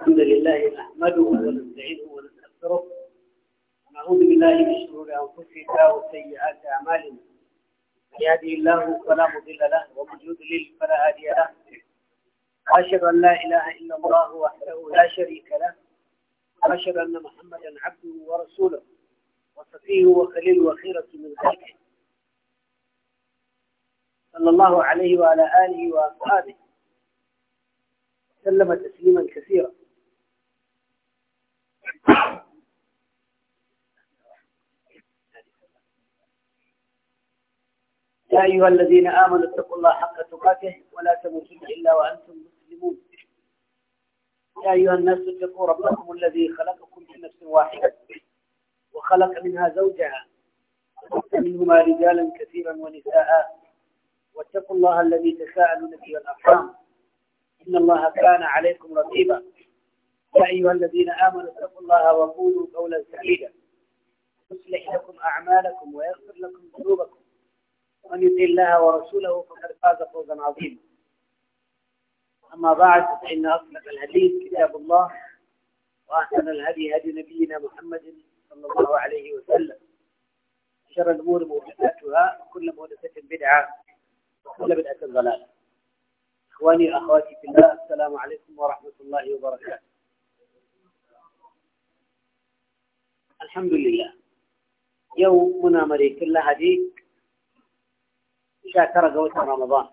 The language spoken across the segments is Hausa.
الحمد لله نحمده ونستعينه ونستغفره ونعوذ بالله من شرور انفسنا وسيئات اعمالنا من يهده الله فلا مضل له ومن يضلل فلا هادي له واشهد ان لا اله الا الله وحده لا شريك له واشهد ان محمدا عبده ورسوله وصفيه وخليل وخيرة من خلقه صلى الله عليه وعلى اله واصحابه سلم تسليما كثيرا يا أيها الذين آمنوا اتقوا الله حق تقاته ولا تموتن إلا وأنتم مسلمون يا أيها الناس اتقوا ربكم الذي خلقكم من نفس واحدة وخلق منها زوجها وخلق منهما رجالا كثيرا ونساء واتقوا الله الذي تساءلون به الأرحام إن الله كان عليكم رقيبا يا أيها الذين آمنوا اتقوا الله وقولوا قولا سديدا يصلح لكم أعمالكم ويغفر لكم ذنوبكم ومن يطع الله ورسوله فقد فاز فوزا عظيما أما بعد فإن أصدق الحديث كتاب الله وأحسن الهدي هدي نبينا محمد صلى الله عليه وسلم شر الأمور محدثاتها وكل محدثة بدعة وكل بدعة ضلالة إخواني وأخواتي في الله السلام عليكم ورحمة الله وبركاته alhamdulillah yau muna maraikin lahadi sha tara ga watan ramadan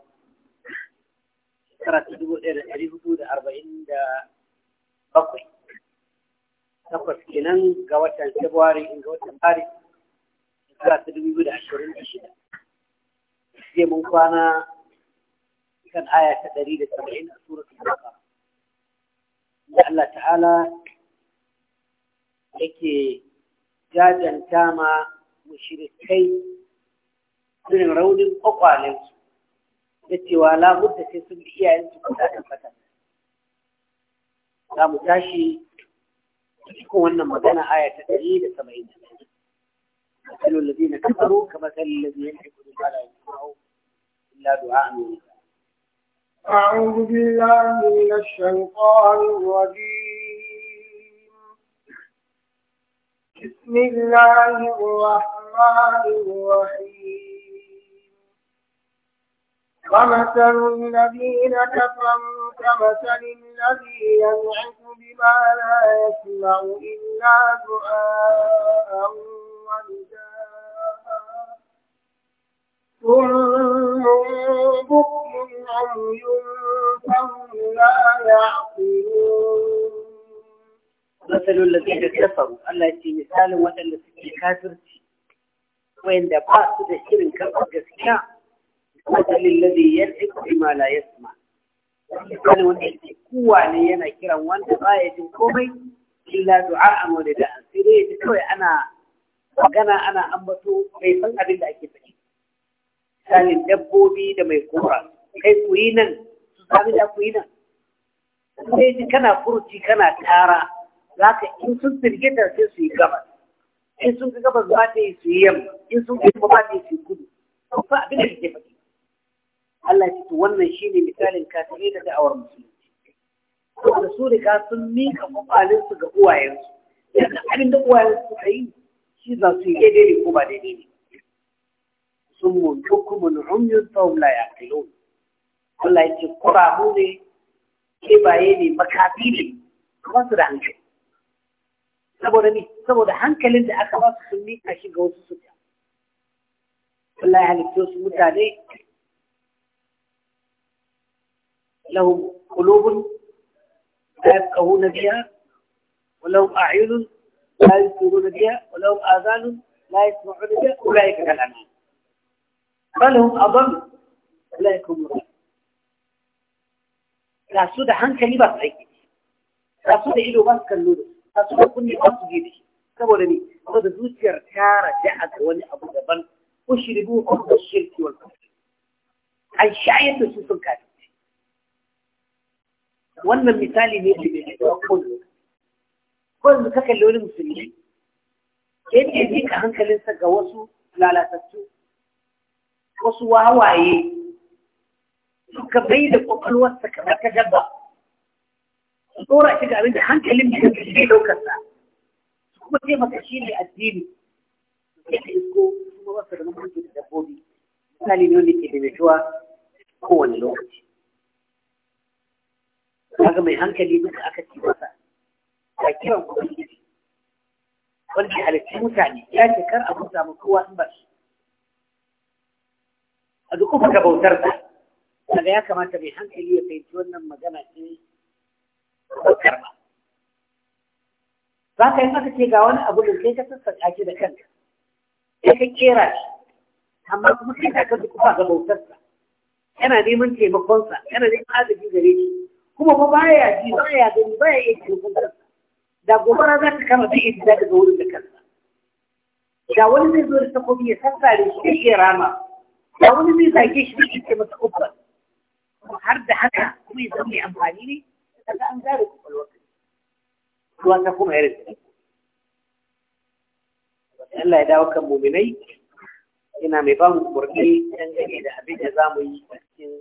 shekara dubu ɗaya da ɗari hudu da arba'in da bakwai takwas kenan ga watan februari in ga watan maris shekara ta dubu biyu da ashirin da shida sai mun kwana kan aya ta da a Allah ta'ala yake jajanta ma mushirikai irin raunin kwakwalensu da cewa labudda sai sun bi iyayensu kuɗa da fata za mu tashi cikin wannan magana aya ta ɗari da saba'in da na ka الذين كفروا كمثل الذي da بالله لا يسمعه إلا du'a A nuna أعوذ بالله من الشيطان الرجيم بسم الله الرحمن الرحيم ومثل الذين كفروا كمثل الذي ينعس بما لا يسمع إلا دعاء ونداء ثم بكم عمي فهم لا يعقلون matsalolin da suke kafaru Allah ce misalin waɗanda suke kafirci wanda ba su da irin kafa gaskiya matsalin lade ya ɗiko imala ya ke kuwa ne yana kiran wanda baya ya jin komai illa du'a amore da an sai dai kawai ana magana ana ambato bai san abin da ake faɗi misalin dabbobi da mai kora kai ku yi nan su sami da ku yi nan sai ji kana furuci kana tara za ka in sun firgita sai su yi gabas in sun ga gabas ba ta yi su yi yamma in sun ga yamma ba ta yi su yi kudu fa abin da ke faɗi Allah ya ce wannan shine misalin kafirai da da'awar musulmi da su riga sun mika kwalinsu ga uwayensu yanzu abin da uwayensu suka yi shi za su yi daidai ne ko ba daidai ne sun mutu kuma na umyun tsawon laya kilo Allah ya ce kurabu ne kebaye ne makafi ne kuma su da hankali saboda ne saboda hankalin da aka ba su sun mika shi ga wasu suya Allah ya halittu su mutane lahum qulubun la yafqahuna biha wa lahum a'yunun la yusiruna biha wa lahum adhanun la yasma'una biha ulaika kal anam bal hum adall ulaika hum ga su da hankali ba su aiki ga su da ido ba su kallo da su ta su kunne ba su gefe saboda ne saboda zuciyar ta raja ga wani abu daban ko shirgu ko da shirki wal kafir an shayar da su sun kafirci wannan misali ne da bai da kullu ko yanzu ka kalli wani musulmi yadda ya jika hankalinsa ga wasu lalatattu wasu wawaye suka bai da kwakwalwarsa kamar ta dabba su tsora shi ga abin da hankalin da shi zai daukar sa su kuma taimaka shi ne addini sai ka isko kuma ba su da mutunci da dabbobi misali ne wanda ke daidaituwa kowane lokaci kaga mai hankali duka aka ci masa ka kiran ubangiji wanda halittu mutane ya ce kar a buta mu kowa in ba shi a duk kuma ka bautar da kaga ya kamata mai hankali ya fahimci wannan magana ce ko karba za ka yi aka ce ga wani abu da sai ka sassaƙa shi da kanka sai ka kera shi amma kuma sai ka kaji kuma ga bautarsa yana neman taimakonsa yana neman agaji gare shi kuma ba ya ji baya gani baya iya taimakon kansa da gobara za ta kama zai iya daga wurin da kansa da wani zai zo da takobi ya sassare shi zai iya rama da wani zai zage shi zai iya masa ubar har da haka kuma ya zama mai amfani ne كأمثالكم في الوقت وأنكم عرفتم Allah ya dawo kan muminai ina mai ba mu umarni dangane da abin da za mu yi a cikin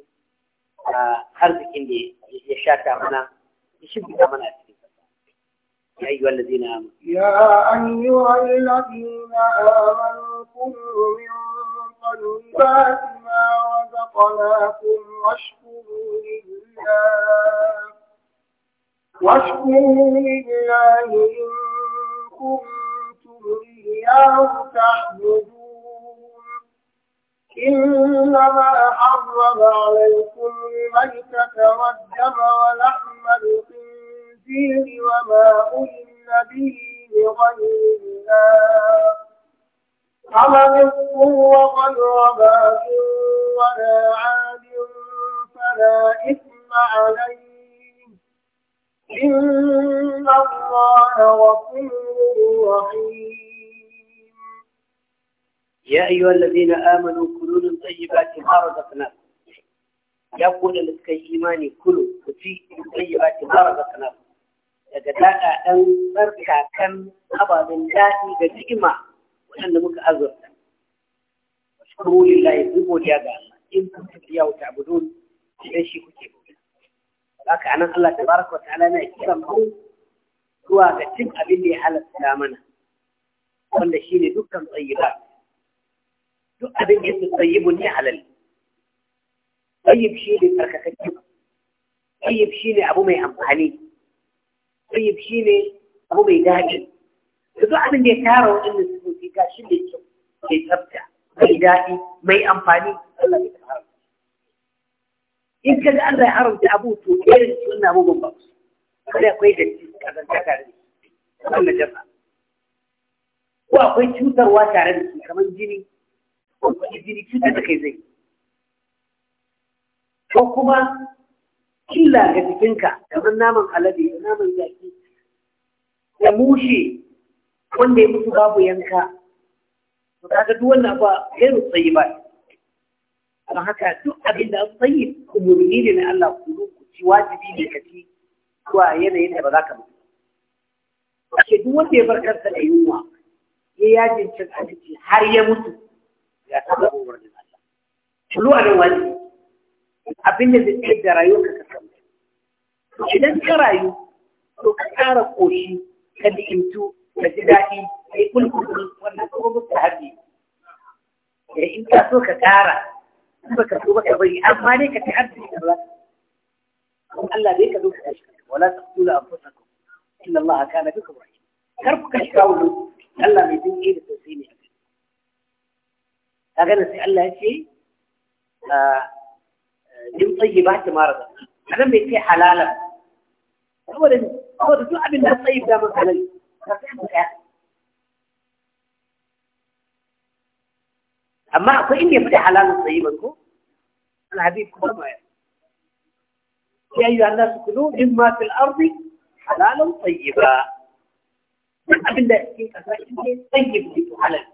arzikin da ya shata mana ya shimfita mana a cikin يا أيها الذين آمنوا يا أيها الذين آمنوا كلوا من طيبات ما رزقناكم واشكروا لله واشكروا لله إن كنتم إياه تعبدون إنما حرم عليكم الميتة والدم ولحم الخنزير وما أهل به لغير الله فمن اضطر غير باغ ولا عاد فلا إثم عليه إن الله غفور رحيم يا أيها الذين آمنوا كلوا من طيبات ما رزقناكم يقول لك إيماني كلوا وفي من طيبات ما رزقناكم daga daɗa ɗan tsarkakan ababen daɗi ga ni'ima waɗanda muka azurta. Wasu kuma lillahi sun godiya ga Allah in kun tafiya wuta abudun idan shi kuke haka anan Allah tabaraka wa ta'ala yana kiran mu zuwa ga cin abin da ya halatta mana wanda shine dukkan tsayyiba duk abin da yake tsayyibu ne halal tsayyib shine tsarkakakke tsayyib shine abu mai amfani tsayyib shine abu mai daɗi duk abin da ya tara waɗannan sifofi gashi mai kyau mai tsafta mai daɗi mai amfani Allah ya in ka ga Allah ya haramta abu to irin sunna mu ban ba kada akwai da kazan ta tare wannan jama'a ko akwai cutarwa tare da shi kamar jini ko jini cutar da kai zai ko kuma killa ga jikinka kamar naman alade da naman zaki da mushe wanda ya mutu babu yanka to kaga duk wannan ba gairu tsayi ba don haka duk abin da tsayi umurni ne na Allah ku ku ci wajibi ne ka ci zuwa yanayin da ba za ka mutu ake duk wanda ya bar kansa da yunwa ya yajin cin abinci har ya mutu ya saba umarnin Allah kullu a nan wani abin da zai tsaye da rayuwarka ka samu idan ka rayu to ka tsara ƙoshi ka ni'imtu ka ji daɗi ka yi kulkuli wannan kuma mutu harbi eh, in ka so ka tsara baka so baka bari amma ne ka ta'addi da Allah kuma Allah bai ka zo ka shi wala taqtulu anfusakum inna Allah kana bikum rahim kar ku kashi kawo Allah mai dinki da tausayi ne kaga da sai Allah ya ce din tayyibat ma raza anan bai ce halalan saboda saboda duk abin da tsayyib da mun halal ka sai mu ya أما أقول إني أفتح حلال طيبك أنا حبيبك ما يعني. يا أيها الناس كلوا مما في الأرض حلالا طيبا أبدا طيب جيت حلال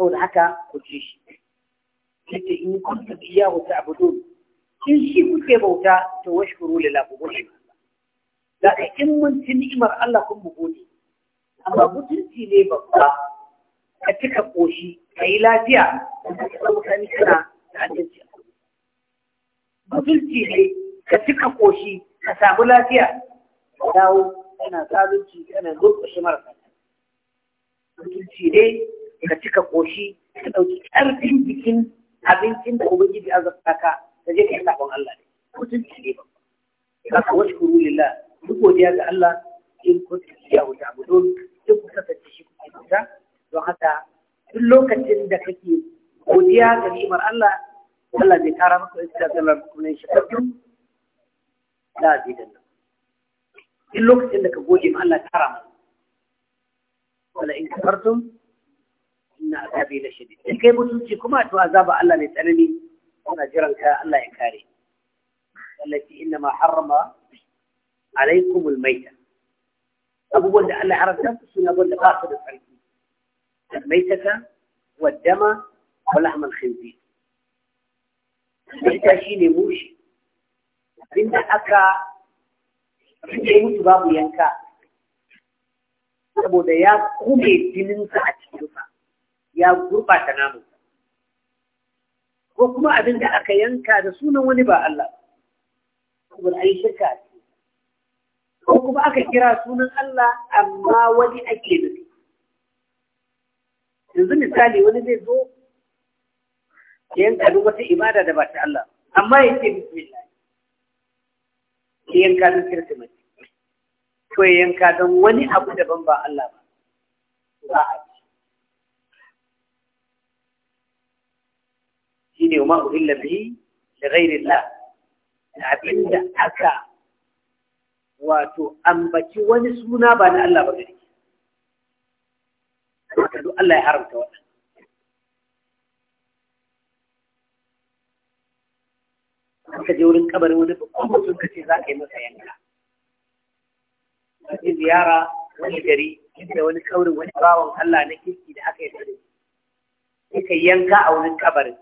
هو حكى كل شيء جيت إن كنت إياه تعبدون إن شيء كنت بوتا توشكروا لله بقول لا إن من تنعمر الله كن بقولي أما بطلتي ليه بقى ka cika koshi ka yi lafiya da ka da adalci mutunci ne ka cika koshi ka samu lafiya ka dawo kana zalunci kana lokaci marasa mutunci ne ka cika koshi ka ɗauki ƙarfin jikin abincin da ubangiji azabta ka da je ka yi sabon Allah ne mutunci ne ba ka ka wasu kuru lilla duk godiya ga Allah in kuntum iyyahu ta'budun duk kuka tace shi kusa? don haka duk lokacin da kake godiya ga ni'imar Allah Allah zai kara maka iska zalar kuma shi kafin da zai danna duk lokacin da ka gode ma Allah kara maka wala in kafartum inna azabi la shadid in kai mutunci kuma to azaba Allah ne tsanani Kana jiran ka Allah ya kare allati inna ma harrama alaikumul maita abubuwan da Allah ya haramta su ne abubuwan da ba su da tsari الميتة والدم ولحم الخنزير الميتة شيء نموشي abin da aka rike babu yanka saboda ya kume jininsa a cikinsa ya gurɓata namunsa ko kuma abin aka yanka da sunan wani ba Allah saboda an yi a ko kuma aka kira sunan Allah amma wani ake nufi yanzu misali wani zai zo ya yanka duk wata ibada da ba ta Allah amma ya ce bismillah ya yanka don kirsimati to ya yanka don wani abu daban ba Allah ba ba a ci shi ne ma uhilla bihi da ghairillah da abinda aka wato ambaci wani suna ba na Allah ba gari Allah ya haramta wannan ka je wurin kabarin wani babban mutum ka ce za ka yi masa yanka wani ziyara wani gari inda wani kaurin wani bawan Allah na kirki da aka yi da sai ka yanka a wurin kabarin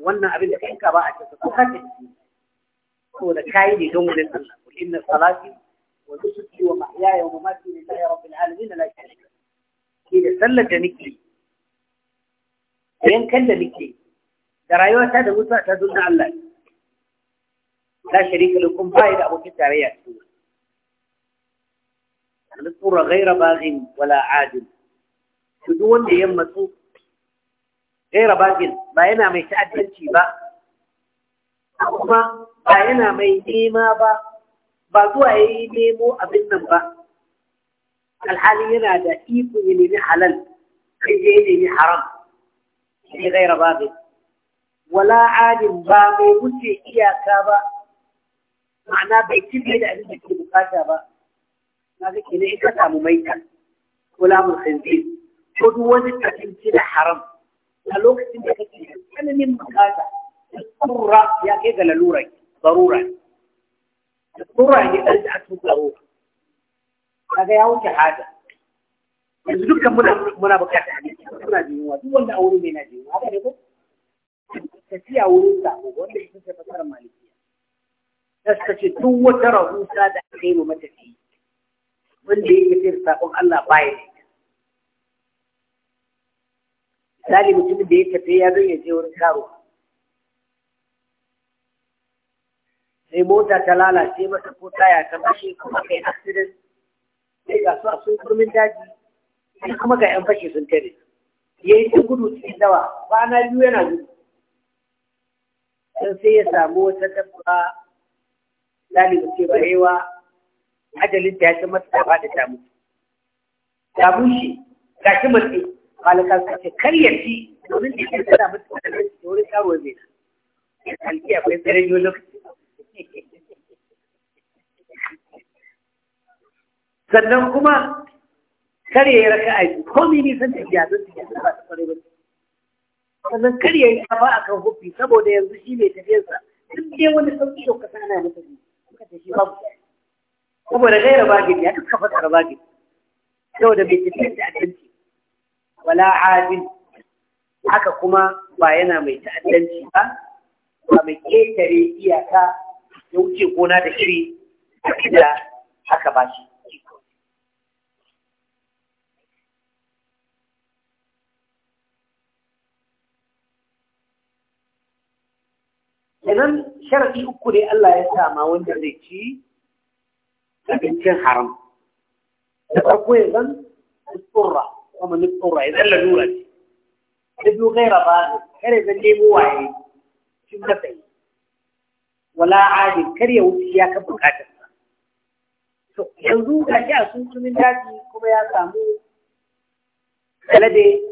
wannan abin da ka yanka ba a cikin ko ka tafi saboda kayi ne don wurin Allah inna salati wa nusuki wa mahyaya wa mamati lillahi rabbil alamin la sharika ke da sallar da nake da yankan da nake da rayuwata da mutuwa ta zuna Allah ta shirika da kun bayi da abokin tarayya su wani tsura gaira bagin wala adil su duk wanda ya matsu gaira bagin ba yana mai ta'addanci ba kuma ba yana mai nema ba ba zuwa ya yi nemo abin nan ba الحالي ينادى إيكو يلي نحلل إيكو يلي نحرم إيكو يعني غير باب ولا عاد باب وجه إياك با معناه بيتم يدعي أنك بقاشة با ما ذلك إنه إكتا مميتا كلام الخنزير حدوان التكنسي حرام الوقت انت كتير أنا من مقاشة الضرورة يا كيغا للورة ضرورة الضرورة اللي يعني أرجعت ضرورة kaga ya wuce hada yanzu dukkan muna muna bukata muna jinuwa duk wanda aure mai na jinuwa haka ne ko tafiya wurin sa wanda ita ce fasar malikiya ta suka ce duk wata rahusa da aka yi ma matafi wanda yake sayar sakon Allah baya ne misali mutumin da ya tafi ya zo ya je wurin karo sai mota ta lalace masa ko taya ta bashi kuma kai accident sai ga su a sun kurmin daji sai kuma ga yan fashi sun tare ya yi cin gudu cikin dawa kwana biyu yana gudu sun sai ya samu wata dabba lalibu ce barewa ajalin ta ya ce mata ta bada ta mutu ta bushe ga shi matsi malaka suka ce karyar shi domin da ke tana mutu da wurin karuwar zai na alƙiya bai tsere yau lokaci sannan kuma kare ya raka a yi ko mini san tafiya don tafiya da ba su kware ba sannan kare ya yi kafa a kan hufi saboda yanzu shi ne tafiyarsa duk dai wani sauƙi da kasa ana masa ne suka tafi babu saboda gaira bagin ya kafa tsara bagin saboda mai tafiya da adalci wala adil haka kuma ba yana mai ta'addanci ba ba mai ƙetare iyaka ya wuce gona da iri da haka ba shi kenan sharadi uku ne Allah ya sama wanda zai ci abincin haram da farko ya zan tsurra kuma ni tsurra ya zalla lura ce da biyu gaira ba kare zan nemo waye cin da sai wala adi kar ya wuce ya ka bukata to yanzu ga shi a sunkumin daji kuma ya samu kalade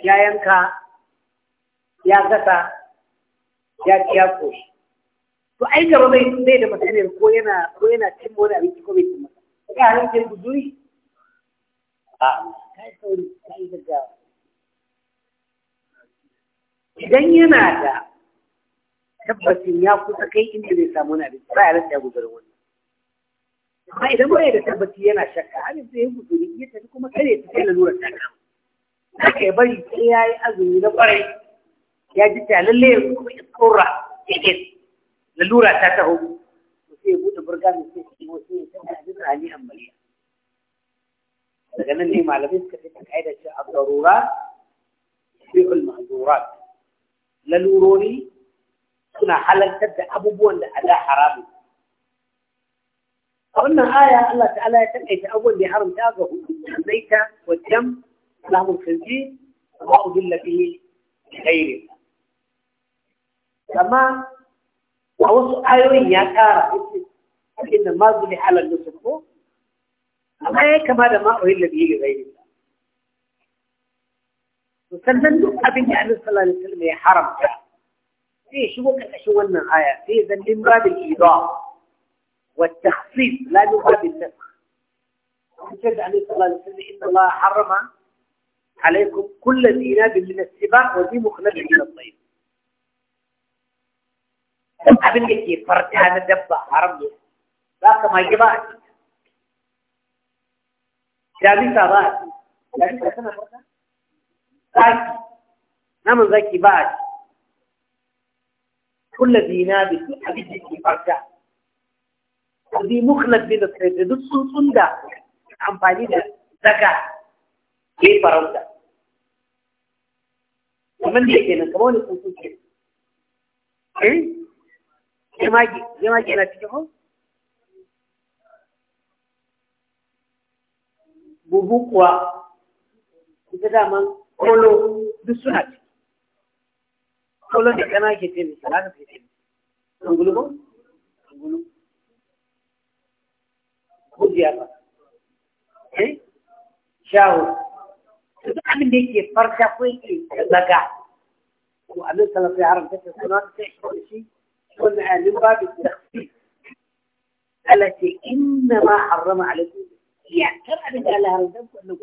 ya yanka ya gasa ya ci ya koshi to ai gaba bai bai da masaniyar ko yana ko yana cin wani abinci ko bai cin masa ka haramcin guduri a kai sauri kai gaggawa idan yana da tabbacin ya kusa kai inda zai samu wani abinci ba ya rasa ya gudanar wani amma idan bai da tabbaci yana shakka har yanzu ya guduri ya tafi kuma kare ta kai lalurar ta kama haka ya bari sai ya yi azumi na kwarai ya ji ta lalle yanzu kuma iskurra yake lalura ta taho sai ya buɗe burga mai sai shi wasu ya san da jin rani ambaliya daga nan ne malamai suka fi kaida ce a darura bi'ul mahdurat lalurori suna halartar da abubuwan da ada haramun a wannan aya Allah ta'ala ya takaita abubuwan da ya haramta ga hukuncin zaita wa dam lahmul khinzir wa udilla bihi ghayrin amma a wasu ayoyin ya ƙara uku inda ma zuli halar da ko amma ya kama da ma'oyin da biyu rai to sannan duk abin da annabi sallallahu alaihi wasallam ya haramta sai shigo karkashin wannan aya sai zan din babin ida wa takhsis la min babin nasakh وجد عليه صلى الله عليه وسلم إن الله حرم عليكم كل ذي ناب من السباع وذي مخلب من الطيب abin da ke farta na dabba haram ne za ka mage ba a ci damisa ba a ci damisa tana farta zaki naman zaki ba a ci kulla zina da duk abin da ke farta zai mukhlad bin da da duk tsuntsun da amfani da zaka ke farauta kamar da ke nan kamar wani tsuntsun ke jemage jemage yana cikin mu bubu kuwa ita daman kolo duk suna ci kolo da kana ke ce mai salata ke ce mai gulu ko gulu ba eh shawo duk abin da yake farka ko yake daga ko abin salata ya haramta ta sunan shi قلنا من باب التخفيف التي إنما حرم عليكم يعني كم أبدا الله رزقك أنه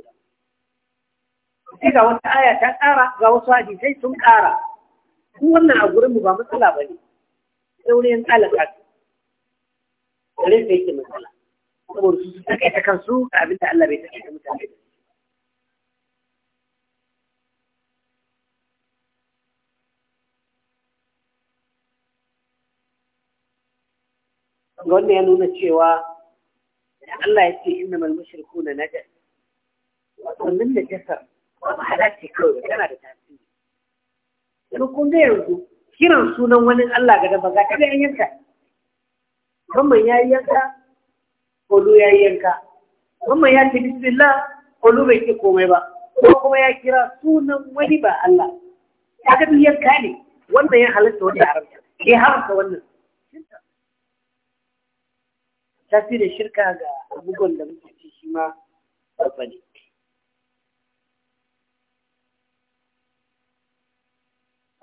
ga wata aya ta ƙara ga wasu hadisai sun ƙara kun wannan a gurinmu ba matsala ba ne saurin tsalaka su gare su yake matsala saboda su su takaita kansu abin da Allah bai takaita mutane da wanda ya nuna cewa Allah ya ce inna mal mushriku na najas wannan najasar ba mahala ce kawai tana da tasiri yanzu kun ga yanzu kiran sunan wani Allah ga dafa ga kada yan yanka Mamman ya yi yanka Olu ya yi yanka Mamman ya ce bismillah Olu bai ce komai ba ko kuma ya kira sunan wani ba Allah kaga duk yanka ne wannan ya halatta wani haramta ya haramta wannan Tafi da shirka ga abubuwan da muke ci shi ma babba ne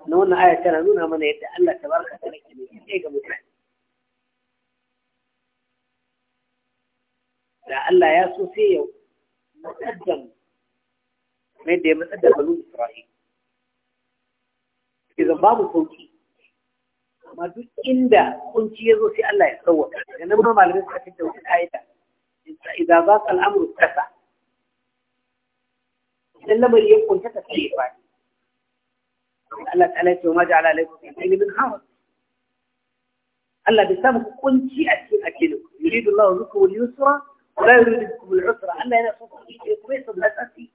na wannan aya tana nuna mana yadda Allah ta baraka ta rake ne kai ga mutane da Allah ya so sai yau mutaddam mai da ya matsadda Isra'i. Isra'il zan babu sauki amma duk inda kunci ya zo sai Allah ya sauwaka daga nan ma malamai suka fitta wata ka'ida idan za ka al'amuru kasa idan lamari ya kunta ta sai ya fadi Allah ta'ala ya ce ma ja'ala alaikum min hawar Allah bai samu kunci a cikin addinin ku yuridu Allah bikum al-yusra wa la yuridu bikum al-usra Allah yana so ku yi kuma ya san matsatsi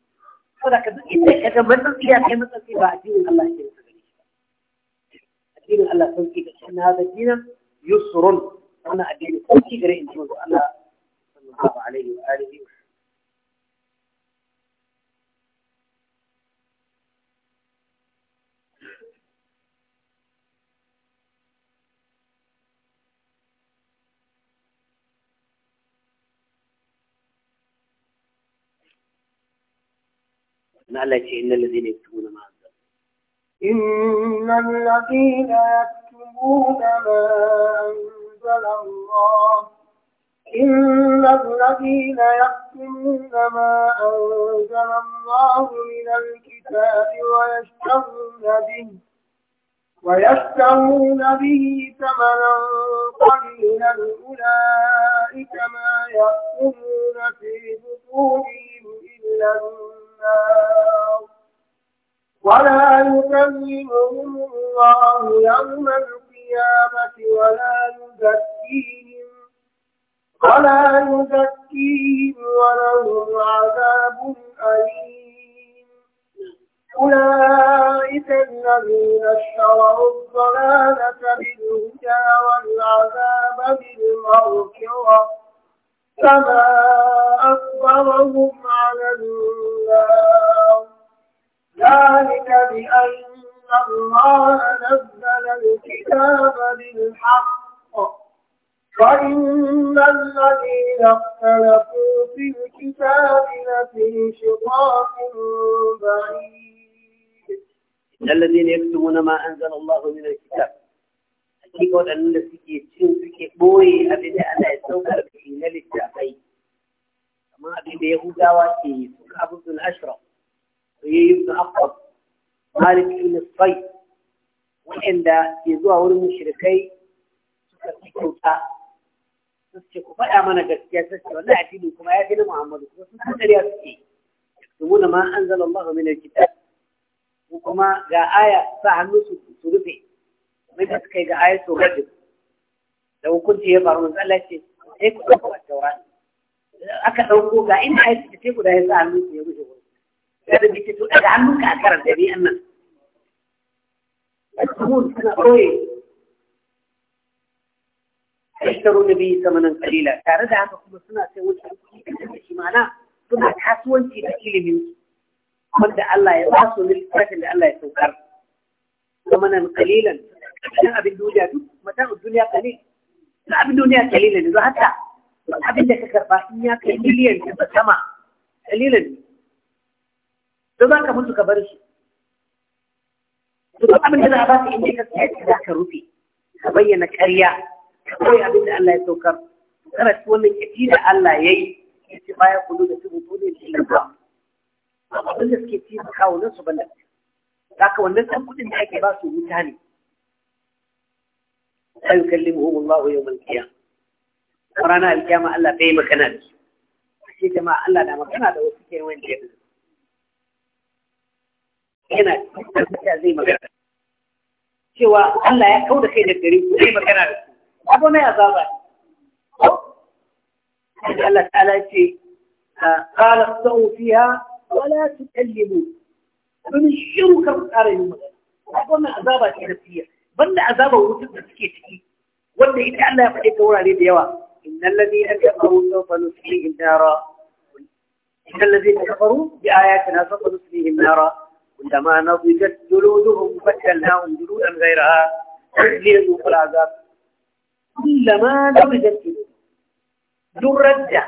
saboda ka duk inda ka ga matsatsi ya kai matsatsi ba addinin Allah ke دين على فوقي لأن هذا الدين يسر أنا أدين فوقي غري إن شاء الله صلى الله عليه وآله ان الذين يكتبون ما إن الذين يكتمون ما أنزل الله إن الذين يكتمون ما أنزل الله من الكتاب ويشترون به ويشترون به ثمنا قليلا أولئك ما يأكلون في بطونهم إلا النار ولا يكلمهم الله يوم القيامة ولا يزكيهم ولا يزكيهم ولهم عذاب أليم أولئك الذين اشتروا الضلالة بالهدى والعذاب بالمغفرة فما أكبرهم على النار ذلك بأن الله نزل الكتاب بالحق فإن الذين اختلفوا في الكتاب لفي شقاق بعيد الذين يكتبون ما أنزل الله من الكتاب يقول أن الذي يتشن فيك بوي أبدا أن يتوكل في نلك أي ما أبدا يهودا واتي فكابوس أشرف sai ibn Affab Malik ibn Sufay wanda ke zuwa wurin mushrikai suka ci kyauta su ce ku faɗa mana gaskiya ta wannan addini kuma ya gina Muhammadu kuma sun san ƙarya suke domin ma anzala Allah min al kuma ga aya sa hannu su su rufe mai da suka ga aya su rajin da hukunci ya faru manzo Allah ce sai ku ɗauko a aka ɗauko ga inda aya su ce guda ya sa hannu su ya rufe هذا بيتسوء عنك أكرم تبي أما الزمون أنا أوي اشتروا النبي ثمنا قليلا تعرض أنا كل سنة سيقول شيء معنا ثم تحسون في تكيل منك من ده الله يواصل للفتاة اللي الله يتوكر ثمنا قليلا أنا أبن دوليا متاع الدنيا قليل لا أبن دنيا قليلا حتى أبن ده كرباحية قليلا في السماء قليلا da za ka mutu ka bar shi duk abin da za a ba ka inda ka tsaye za ka rufe ka bayyana ƙarya ka koya abin da Allah ya saukar kana ci wannan kaci da Allah ya yi ya ci baya kudu da su mutu ne da ba abin da suke ci da kawo nan su ban da za ka wannan san kuɗin da ake ba su wuta ne sai yukallimuhum Allah yawmal qiyamah ranar alkiyama Allah bai magana da su ashe jama'a Allah na magana da wasu kewayen da ya yana tabbata zai magana cewa Allah ya kauda kai da gari ku zai magana da ku abu mai azaba ne Allah ta'ala ce ah, qala sa'u fiha wa la tukallimu kun shiru ka fara yin magana abu mai azaba ce da fiya banda azaba wutar da suke ciki wanda ita Allah ya faɗi ta wurare da yawa innal ladina kafaru sawfa nuslihim nara innal ladina kafaru bi ayatina sawfa nuslihim nara كلما نضجت جلودهم بدلناهم جلودا غيرها ليذوقوا العذاب كلما نضجت جلودهم درجة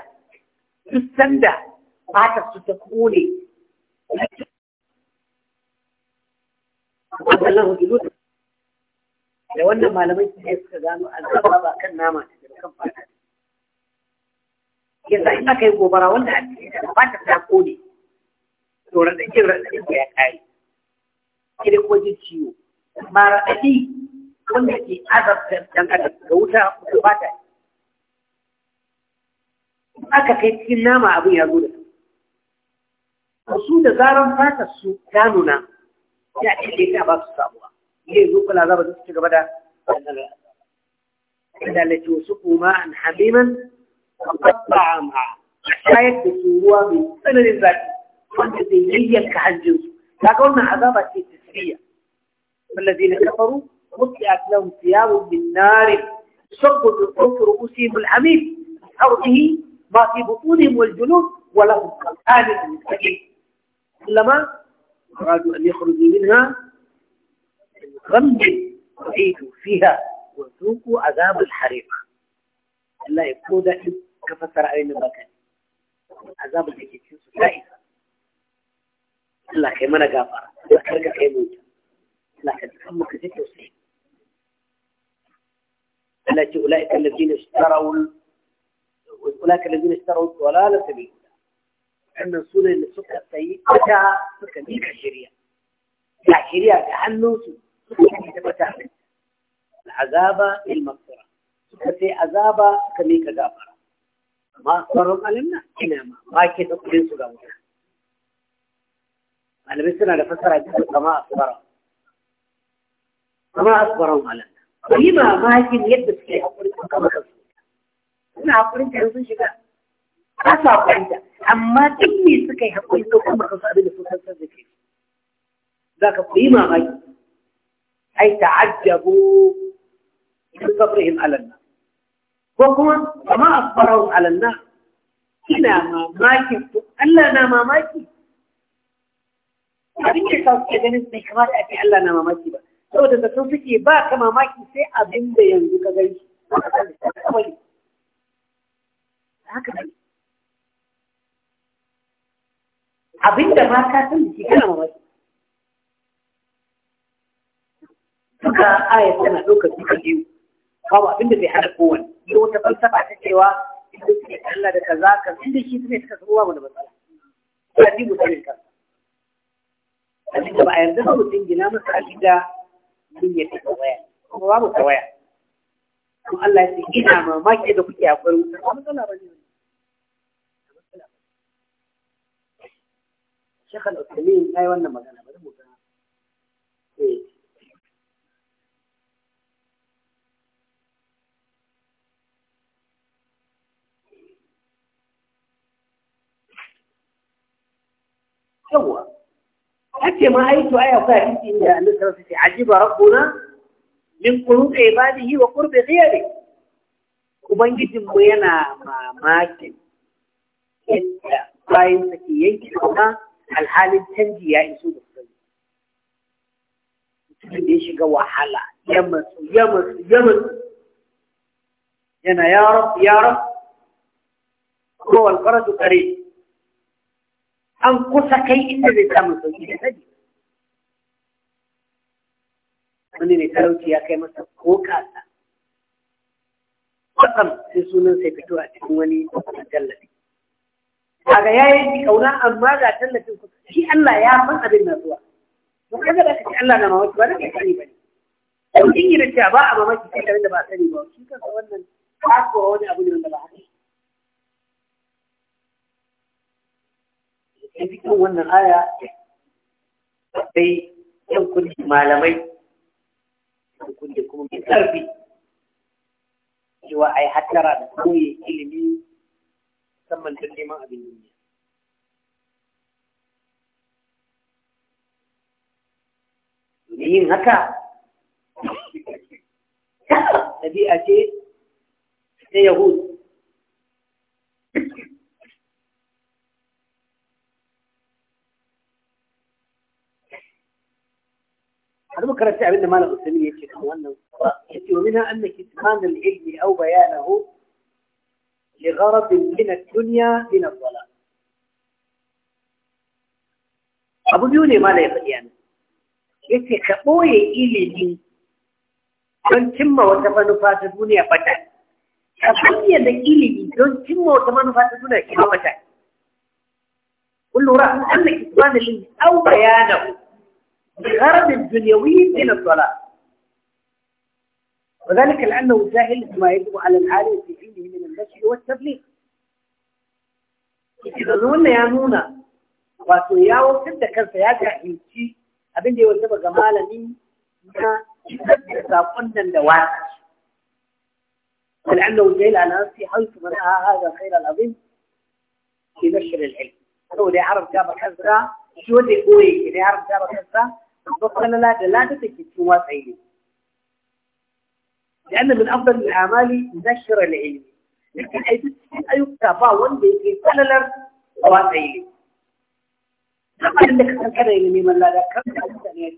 تستندى بعد ستكوني بدلناهم جلودا لو أن malamai su ne suka gano كان ba kan nama ce da kan fata yanzu in aka yi to raɗin jin ya kare ki ciwo wanda ke ga wuta ba ta kai cikin nama abin ya zo da su da fatar su ta nuna ya ce da ita ba su zo kula gaba da wasu kuma an hamiman a shayar da mai tsananin zafi wanda zai yayyanka hanjinsu kaga wannan azaba ce tasiriya والذين كفروا قطعت لهم ثياب من نار صب من فوق رؤوسهم الحميد من حرقه ما في بطونهم والجنود ولهم قرآن من حديد كلما أرادوا أن يخرجوا منها غم أعيدوا فيها وذوقوا عذاب الحريق الله يقول كفسر علينا كان عذاب لا إذا لكن من قابر لكن قيموت لكن كم كذب وسيم التي أولئك الذين اشتروا أولئك الذين اشتروا الضلالة بالهدى أن نصول إلى سكة سيئة أتى سكة ميكا شريعة يا شريعة كأنه سكة ميكا بتعمل العذابة المغفرة سكة سيئة عذابة سكة ميكا قابرة ما أخبرهم ألمنا إنما ما كيف تقلين سكة ميكا على بسنا لفسر أجل كما أصبر كما أصبر على ما ما يمكن يدس كي أقولك كما خلص أنا أقولك أنت أما تبني سكي أقولك كما خلص أبي لفسر ذكي ذاك قولي ما غي أي تعجبوا من صبرهم على الناس وقول كما أصبرهم على الناس إلا ما ماكي ألا أنا ما ماكي abin da sa suke ganin sai kamata a ce Allah na mamaki ba saboda da sun suke ba ka mamaki sai abin da yanzu ka gani haka ne abin da ma ka san shi kana mamaki duka ayat tana ɗaukar duka biyu kawo abin da zai hada kowane yau wata falsafa ta cewa inda suke Allah da kaza ka inda shi suke suka zuwa wani matsala. Ya ji mutumin kansa. abin da ba a yarda mu dingina masa abin da mun yi ta waya kuma ba mu waya kuma Allah ya ce ina mamaki da kuke akwai wuta ba matsala ba ne Sheikh Al-Uthaymeen ya yi wannan magana ba mu gana. Eh. Yawwa, حتى ما أيت أي قائد إلا أن ترسل عجب ربنا من قلوب عباده وقرب غيره ومن جد مبينا ما ماكن إلا قائد سكيين كما الحال التنجي يا إسود الصليم ليش قوى حالا يمس يمس يمس ينا يا رب يا رب هو القرد قريب an kusa kai inda zai samun sauki da sani wani mai talauci ya kai masa ko kasa kwatsam sai sunan sai fito a cikin wani tallafi kaga ya yanki kauna amma ga tallafin ku shi Allah ya san abin na zuwa don kaga da kace Allah na mamaki ba da kai sani bane in yi da cewa ba a mamaki kai da ba sani ba shi kansa wannan kasuwa wani abu ne wanda ba a haka a cikin wannan aya sai yan kundi malamai yan kundi kuma mai ƙarfi cewa a yi hattara da koyi ilimi musamman don neman abin duniya yin haka ɗabi'a ce ta yahudu هذا بكره الشعب عنده ماله مسلمية يا شيخ وانه انت ومنها ان كتمان العلم او بيانه لغرض من الدنيا من الظلام ابو ديوني ما له يقول يعني يا شيخ قوي الي دي كان كم وتفنوا فات الدنيا بدا أفني أن إلي يجون كم وثمانه الدنيا كم وثمانه كل رأى أنك إثمان العلم أو بيانه بغرض الدنيوي من الصلاة وذلك لأنه جاهل بما يجب على العالم في علمه من النشر والتبليغ إذا ظن يا نونا wato يا wakar كان kansa ya fahimci abin da ya wajaba ga malami na isar da ولأنه جاهل على نفسي حيث من هذا الخير العظيم في نشر العلم. هو اللي عرف جابر كذا شو اللي قوي اللي عرف جابر كذا babbar falala da lada take cikin watsayi ne لأن من أفضل الأعمال نشر العلم لكن أي cikin ayyuka ba wanda yake falalar watsayi ne kamar da ka san kada ilimi man lada kan da mutane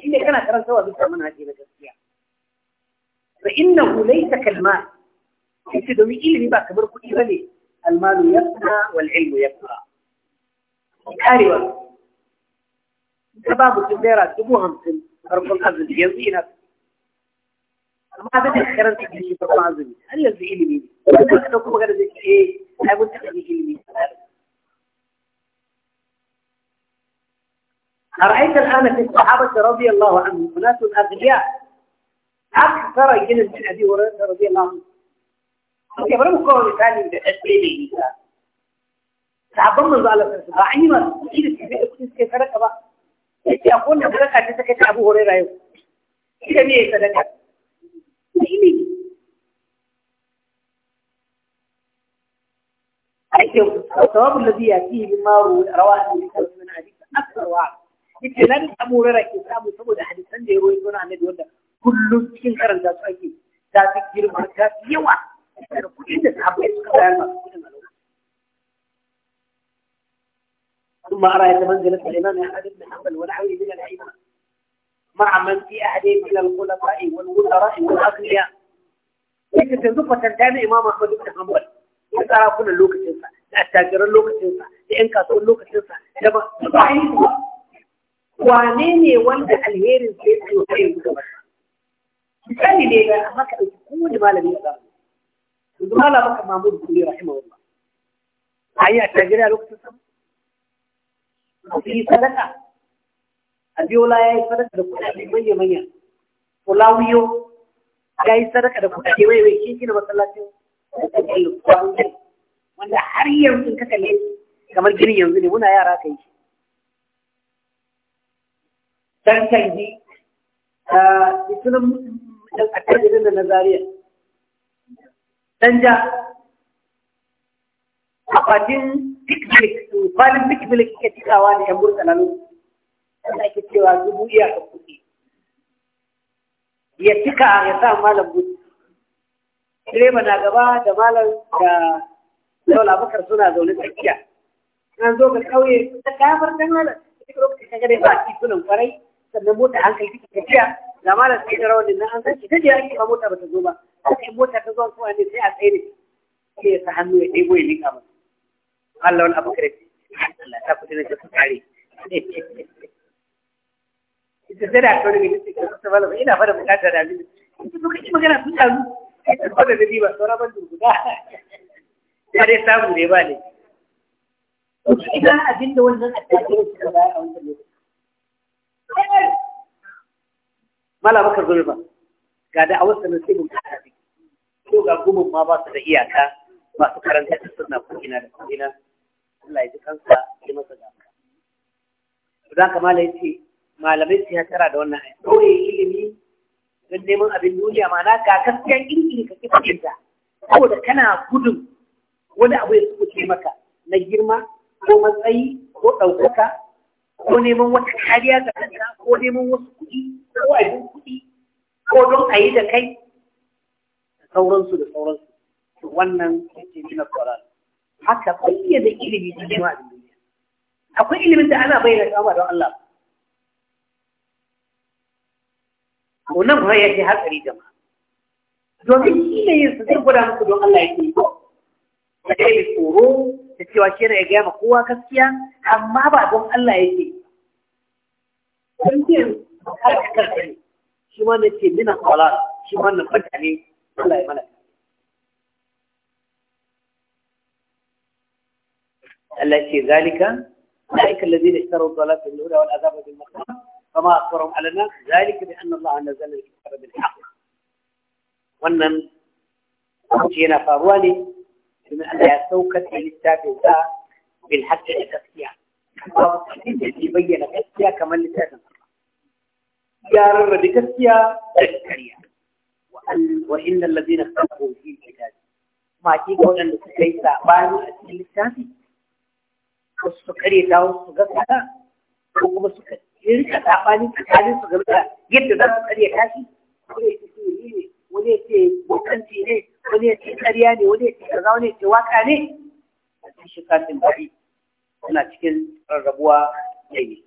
shi ne kana karanta wa dukkan manhaji na gaskiya fa innahu laysa kalma yace domin ilimi ba kamar kuɗi bane almalu شباب ba تبوهم naira dubu hamsin farkon ما yanzu ina amma في da karanta da shi انا azumi har yanzu ايه انا wanda ka dauko أرأيت الآن في الصحابة رضي الله عنهم أناس أغنياء أكثر جنس من أبي هريرة رضي الله عنه أوكي بلا مقاول ثاني بالتسليم أسئلة من ظالة الصحابة عيما إذا كنت كيف ركبها yake akwai wanda sadaka ta saka ta abu horai rayu ita ne sadaka da ilimi aikin sawabin da biya fi bin maro rawa ne da kan suna hadisi akarwa yake nan abu horai ke samu saboda hadisan da ya roye suna annabi wanda kullum cikin karanta su ake ta fi girma ta fi yawa da kuɗin da sahabbai suka bayar masu kuɗin alwa ثم أرأيت منزلة الإمام أحد بن حنبل ونحوه من الأئمة مع من في أهلهم إلى الخلفاء والوزراء والأغنياء لكن تنزف وتنتامي إمام أحمد بن حنبل يترى كل اللوكة تنسى التاجر اللوك تنفع لإن كاسو اللوك تنفع لما صحيح وعنيني ولد الهير سيد يوحيد بكبر misali ne ga maka ɗauki ما لم يقدر ما لا بك maka mahmud رحمه الله هيا yi a تنفع su yi sadaka abiola ya yi sadaka da kuɗaɗe manya manya fulawiyo ya yi sadaka da kuɗaɗe wai wai shi gina masallacin wanda har yanzu in ka kalle kamar gini yanzu ne muna yara kai shi dan canji a sunan dan attajirin da na zariya dan ja akwatin kwanan duk bilik kika cikawa da yan burtsananu da ake cewa dubu iya ka kuɗi ya cika ya sa malam buɗe direba na gaba da malam da laula bakar suna zaune tsakiya an zo ga ƙauye ta kafar dan malam duk lokacin ka gare ba a titunan kwarai sannan mota hankali take tafiya ga malam sai da rawar nan an san shi kaje ake ba mota ba ta zo ba sai mota ta zo kuma ne sai a tsaye ne sai ya sa hannu ya ɗebo ya liƙa ba. Allah wani abu kare Allah ta kudi na jafi kare ita sai da kawai daga cikin kasu ta malama ina fara bukata da abin ita so kake magana sun taru ita ko da zabi ba sauran ban guda. ya dai samu ne ba ne idan abin da wannan a attajirin suka baya a wancan lokacin mala bakar gobe ba ga da a wasu nan sai bukata ko ga gumin ma ba su da iyaka masu karanta da suna ko ina da ko ina Allah ya ji kansa ya masa gafara to da kamala ce malamai su ya tara da wannan ayi kawai ilimi don neman abin duniya na ga gaskiyan ilimi ka ki fahimta saboda kana gudun wani abu ya suke maka na girma ko matsayi ko ɗaukaka ko neman wata kariya ga kanka ko neman wasu kuɗi ko abin kuɗi ko don a yi da kai da sauransu da sauransu wannan ce nuna tsoron haka bayyana ilimi da yawa a duniya akwai ilimin da ana bayyana shi don Allah ko nan ya ji hatsari jama'a domin shi ne yin su zai gwada muku don Allah ya ke yi. da kai mai tsoro da cewa shi ya gaya ma kowa gaskiya amma ba don Allah ya ke kun ce har ka karkare shi ma ne ce mina kwala shi ma na fata ne Allah ya mana التي ذلك أولئك الذين اشتروا الضلالة بالهدى والعذاب بالمقام فما أكبرهم على الناس ذلك بأن الله نزل الكتاب بالحق وأن أوتينا فأبواني من أن يستوك للتابع بالحق الأساسية يبين الأساسية كما لتابع يا رب الأساسية الأساسية وإن الذين اختلفوا في الحجاج ما تيقول أن كيف بانوا الأساسية wasu su kare ta wasu su gaskata ko kuma su rika sabani tsakanin su game da yadda za su kare tashi wani ya ce sihiri ne wani ya ce mutanci ne wani ya ce karya ne wani ya ce kaza wani ya ce waka ne a cikin shi kafin bari yana cikin rarrabuwa yayi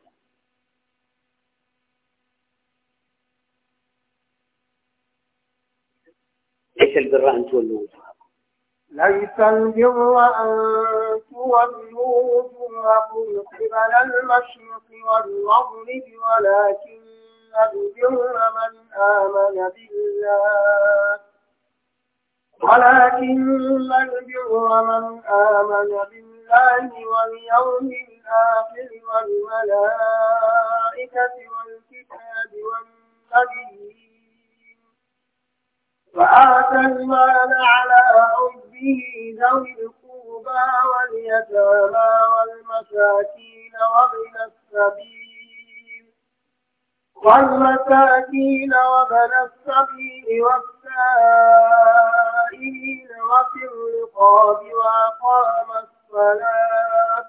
ليس البر أن تولوا ليس البر أن تولوا وجوهكم قبل المشرق والمغرب ولكن البر من آمن بالله ولكن البر من آمن بالله واليوم الآخر والملائكة والكتاب والنبيين فآتى المال على حبه ذوي القربى واليتامى والمساكين وابن السبيل والمساكين وابن السبيل والسائلين وفي الرقاب وأقام الصلاة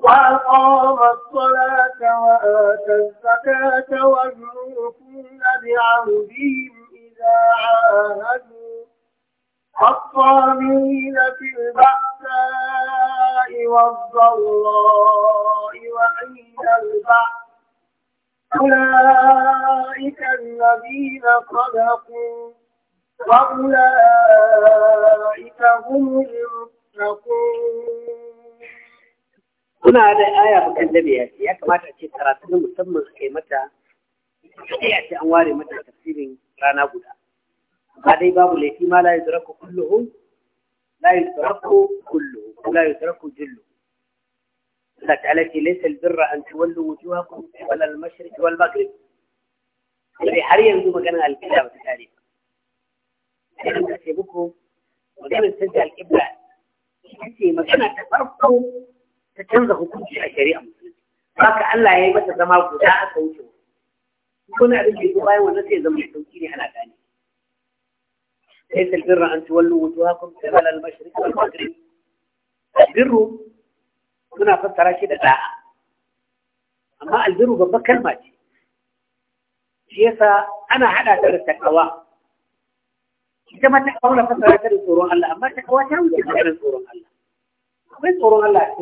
وأقام الصلاة وآتى الزكاة والموفون بعهدهم إذا عاهدوا الطامين في البأساء والضراء وحين البعث أولئك الذين صدقوا وأولئك هم المتقون Kuna da aya bakan dabiya ya kamata ce karatun musamman su mata, ya ce an ware mata tafsirin رانا غدا هذه باب التي ما لا يدركه كله لا يدركه كله لا يدركه جله قالت عليك ليس البر ان تولوا وجوهكم ولا المشرق والمغرب الذي حاليا عندما كان الكتاب والتاريخ لكن تسيبكم ودائما تسجع الكبلة تسي مكان التفرق تتنزه كل شيء شريعة مسلم فاك الله يبتل زمال قداء سوشه kuna da jiki bai wannan sai zama dauki ne ana gani sai silbirra an tuwallu wujuhakum qibal al mashriq wal maghrib birru fassara shi da amma al birru kalma ce shi ana hada ta da takawa ita ma takawa fassara ta da tsoron Allah amma takawa ta wuce tsoron Allah akwai tsoron Allah a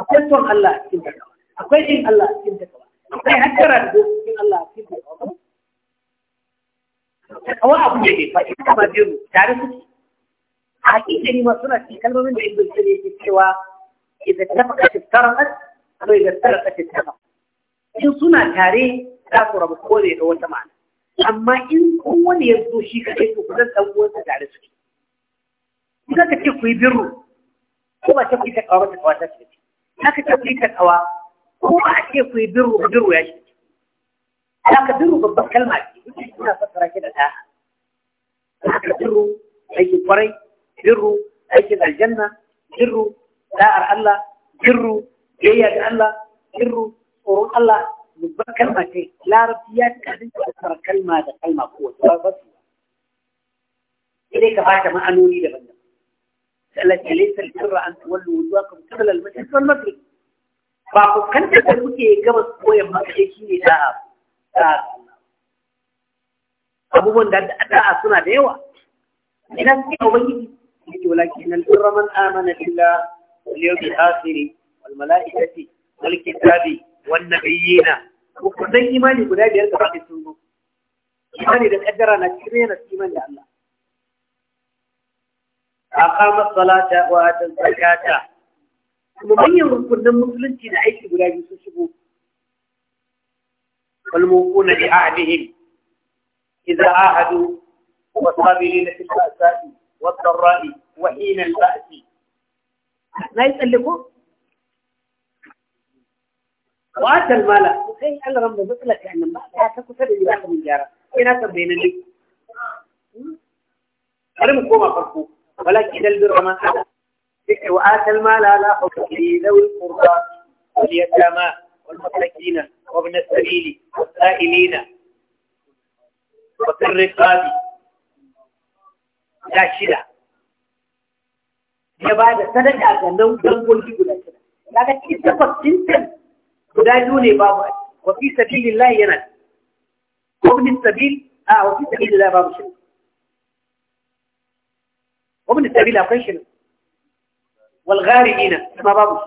akwai tsoron Allah a cikin takawa akwai in Allah a akwai hattara da dokokin Allah a cikin da kawai abu ne ne faɗi ta ba biyu tare suke a hakika ne ma suna cikin kalmomin da ibn sani yake cewa idan ta faɗa ta tara ƙas ko idan ta ƙas ta tara in suna tare za su rabu ko ne da wata ma'ana amma in kowane ya zo shi kaɗai to kusan ɗan uwansa tare suke kuka ka ce ku yi birru ko ba ta ku yi ta kawo ta kawo ta ce haka ta ku yi ta kawa ko ba a ce ku yi birru ba birru ya shi haka birru babban kalma ce ina fassara shi da ɗaya haka birru aikin kwarai birru aikin aljanna birru da'ar Allah birru biyayya ga Allah birru tsoron Allah babban kalma ce larabci ya kadin fassara kalma da kalma ko wata ba su إليك بعد ما أنوني لبنا سألت ليس البر أن تولوا وجوهكم قبل المشرق والمغرب ba fuskantar da muke gabas ko yamma kaɗai shi ne da'a abubuwan da da'a suna da yawa ina sai a wani yake walakin al'urra man amana billah wal yawmil akhir wal mala'ikati wal kitabi wan nabiyina ko zan imani guda biyar da bakin sun zo imani da kaddara na cikin yana imani da Allah aqama as-salata wa ata kuma manyan بعهدهم إذا عاهدوا والصابرين في البأساء والضراء وحين البأس لا يسألكم وآتى المال وكي قال رمضان مثلك يعني ما لا تكتب إلى آخر إن أتى بين لك ولكن البر ما أتى وآتى المال على حبه ذوي القربى واليتامى والمساكين وابن السبيل والسائلين وفي الرقاب لا شدة ya ba da sadaka ga nan dangogi guda shida kaga cikin takwas cincin guda biyu ne babu wa fi sabilillahi yana wa fi sabil a wa fi sabilillahi babu shi والغارقين لما بابوا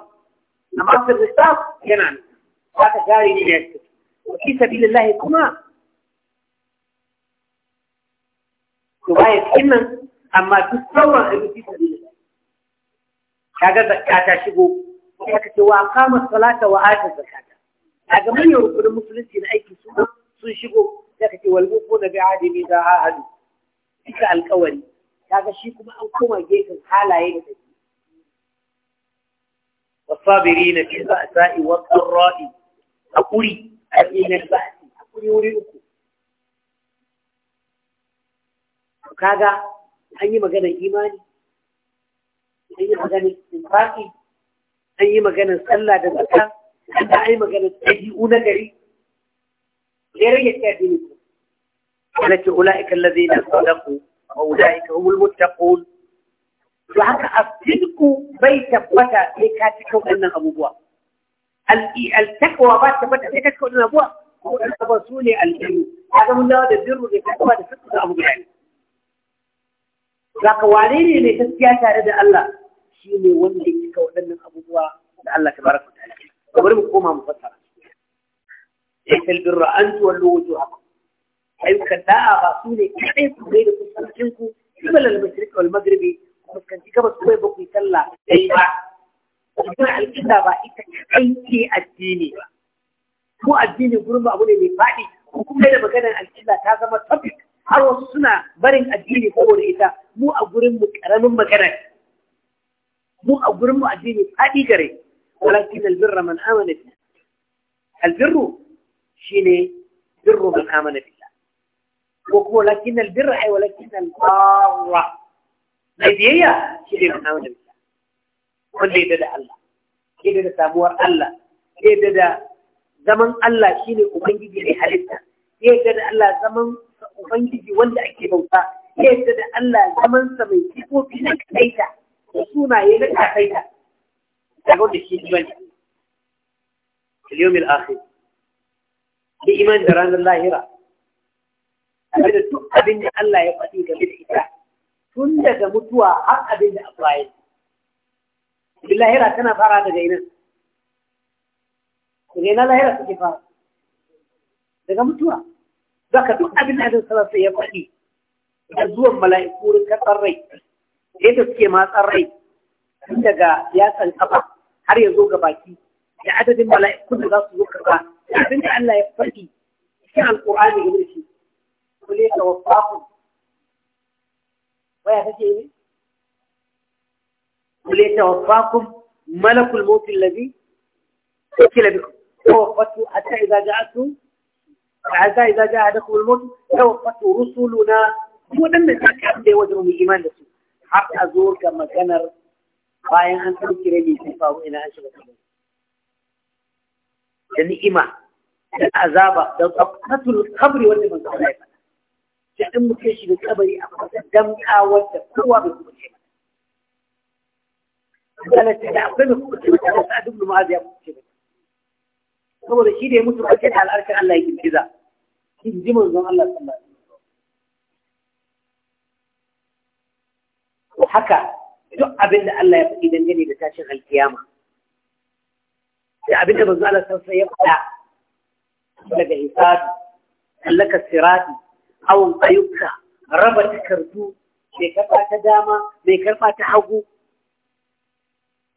لما أصل الرصاص ينعن هذا غارق الناس وفي سبيل الله كما كبايت كما أما تتصور أنه في سبيل الله هذا كذا شبو وكذا وأقام الصلاة واتى الزكاة هذا من يرفع المسلمين في أي سورة سنشبو كذا والمؤمن بعاد إذا عاد تلك القوري هذا الشيء كما أنكم جيت الحالة هي والصابرين في البأساء والضراء أقولي أبين البأس أقولي أريدكم وكذا أي مجانا إيمان أي مجانا إنفاقي أي مجانا سلا دمكا أي مجانا تجيئون كري غير يتعدينكم ولكن أولئك الذين صدقوا وأولئك هم المتقون to haka asdinku bai tabbata sai ka cika waɗannan abubuwa al-taqwa ba tabbata sai ka cika waɗannan abubuwa waɗannan abubuwa su ne al-ilmu kaga mun da birru da taqwa da sirru da abubuwa ne zaka wane ne mai gaskiya tare da Allah shi ne wanda ya cika waɗannan abubuwa da Allah ta tabaraka ta'ala bari mu koma mu fassara laysa al-birra tuwon tuwallu haka. ayyukan da'a ba su ne kai ku da kusancin ku قبل المشرق والمغرب fuskanci gabas kawai ba ku yi sallah dai ba kuma alƙibla ba ita kai ce addini ba ko addini gurin ba abu ne mai faɗi ko kuma da maganar alƙibla ta zama topic har wasu suna barin addini saboda ita mu a gurin mu karamin magana mu a gurin mu addini faɗi gare walakin albirra man amana bi albirru shine birru man amana billah ko kuma walakin albirra ai walakin albirra na biyayya shi ne mana wani bisa wanda ya da Allah ya da samuwar Allah ya da zaman Allah shi ne ubangiji ne halitta ya da Allah zaman ubangiji wanda ake bauta ya da Allah zaman sa mai sifofi na kaita da sunaye na kaita daga wanda shi ne wani اليوم الآخر بإيمان دران الله هرا da duk abin da Allah ya faɗi game tun daga mutuwa har abin da aka bayan lahira tana fara daga ina daga ina lahira suke fara daga mutuwa zaka duk abin da sallallahu sai ya faɗi da zuwan mala'iku rinka tsarrai yadda suke ma tsarrai tun daga yatsan kafa har yanzu ga baki da adadin mala'ikun da za su zo karba da abin da Allah ya faɗi cikin alƙur'ani game da kule ka wafahu waya take yi kule tawaffakum malakul mawt alladhi ukila bikum tawaffatu hatta idza ja'atum hatta idza ja'a adakum al-maut tawaffatu rusuluna wadannan da da wajen mu iman da su har a zo ga maganar bayan an sauke rabi sai faru ina an shiga cikin da ni'ima da azaba da kabri wanda ban sai in mutum ya shiga kabari a fasa damka wadda kowa bai kuma ce ba halatta da akwai mai kuma ce ba da sa'ad ibn mu'az ya kuma ce ba saboda shi da ya mutu ba ce da al'arshin Allah ya kimkiza in ji manzon Allah sallallahu alaihi wasallam haka duk abin da Allah ya faɗi dangane da tashin alkiyama da abin da manzon Allah sallallahu alaihi wasallam ya faɗa daga hisabi mallakar sirati awon ayyuka raba takardu mai karɓa ta dama mai karɓa ta hagu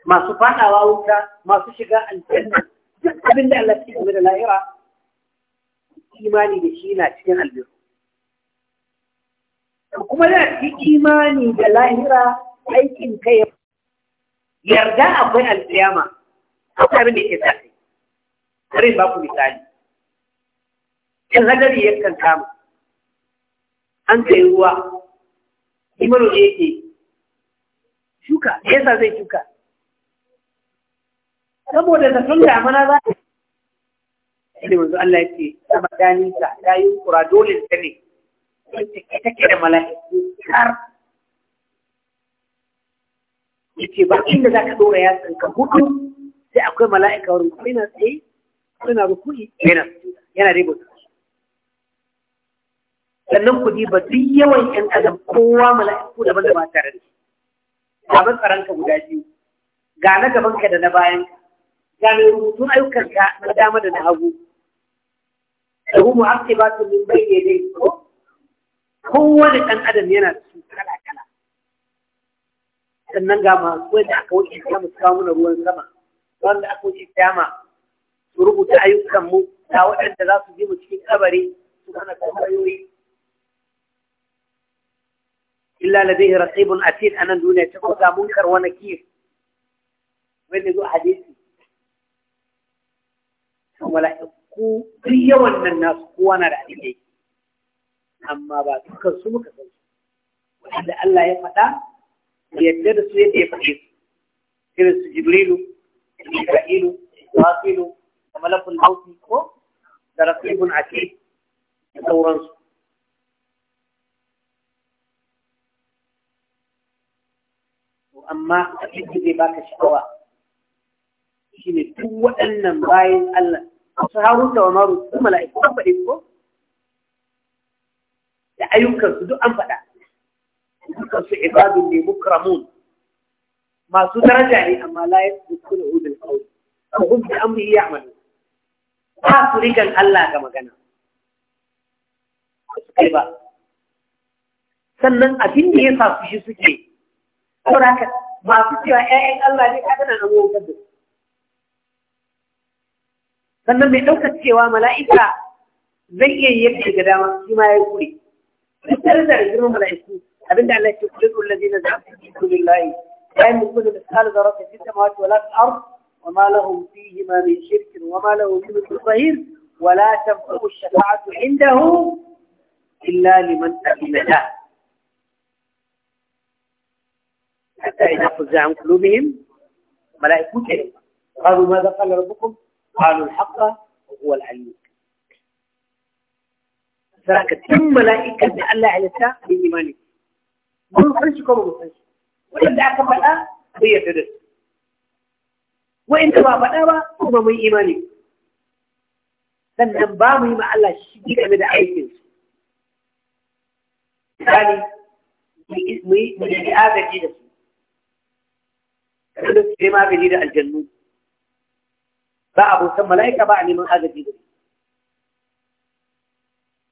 masu faɗawa wuta masu shiga aljanna duk abin da Allah ke game da lahira imani da shi na cikin albiru kuma da cikin imani da lahira aikin kai yarda akwai alƙiyama akwai abin da yake sa kai ba ku misali in hadari yakan kama an sayi ruwa shi manomi yake shuka yasa zai shuka saboda ta sun damana za ta yi wanzu Allah ya ce sama daninta ta yi kura dole ta ne ta ke da malaki har ya ce ba inda za ka dora ya sanka hudu sai akwai mala'ika wurin kuma yana tsaye kuma yana rukuni yana yana dai sannan ku diba duk yawan ƴan adam kowa mala'iku daban da ba tare da tsaron ka guda biyu ga na ka da na bayan ka. ga mai rubutun ka na dama da na hagu da ba su min bayni yadayhi kowane ɗan adam yana da su kala kala sannan ga masu wanda aka wuce ta mu kawo mana ruwan sama wanda aka wuce ta ma su rubuta ayyukan mu ta waɗanda za su je mu cikin kabari su hana إلا لديه رقيب أكيد أنا دوني تقول ذا منكر وأنا كيف وين ذو حديثي ثم لا يقول قرية وأن الناس قوانا رأيي أما بعد كرسو مكتب وحد الله يفتا يجرس يفتيس كرس جبريل إسرائيل إسرائيل وملك الموت هو رقيب أثير تورنسو amma abin da zai baka sha'awa shine duk waɗannan bayan Allah su harun da wamaru su mala'iku an faɗi ko da ayyukansu duk an faɗa dukansu ibadun ne mukramun masu daraja ne amma la yasbuquna bil qawl ko hum bi amri ya'malu ba su rigan Allah ga magana kai ba sannan abin da ya sa su shi suke saboda haka masu cewa ƴaƴan Allah ne kaga nan an wautar da sannan mai ɗaukar cewa mala'ika zai iya yi yadda ga dama shi ma ya kure duk da da girman mala'iku abinda Allah ya ce kullu allazina za'u billahi la yamlikuna mithqala dharratin fis samawati wala fil ard وما لهم فيهما من شرك وما له منه من ظهير ولا تنفع الشفاعة عنده إلا لمن أذن له حتى إذا فزع عن قلوبهم ملائكة قالوا ماذا قال ربكم قالوا الحق وهو العلي فراك تم ملائكة الله على الساعة من إيمانه من كم ومن فرشكم وإن دعك فلا هي تدرس وإن تبا فلا هو من إيمانه sannan ba مع الله ma من shi ثاني يعني، من aikinsu. Misali, sai magani da aljannu ba abokan mala'ika ba neman agaji da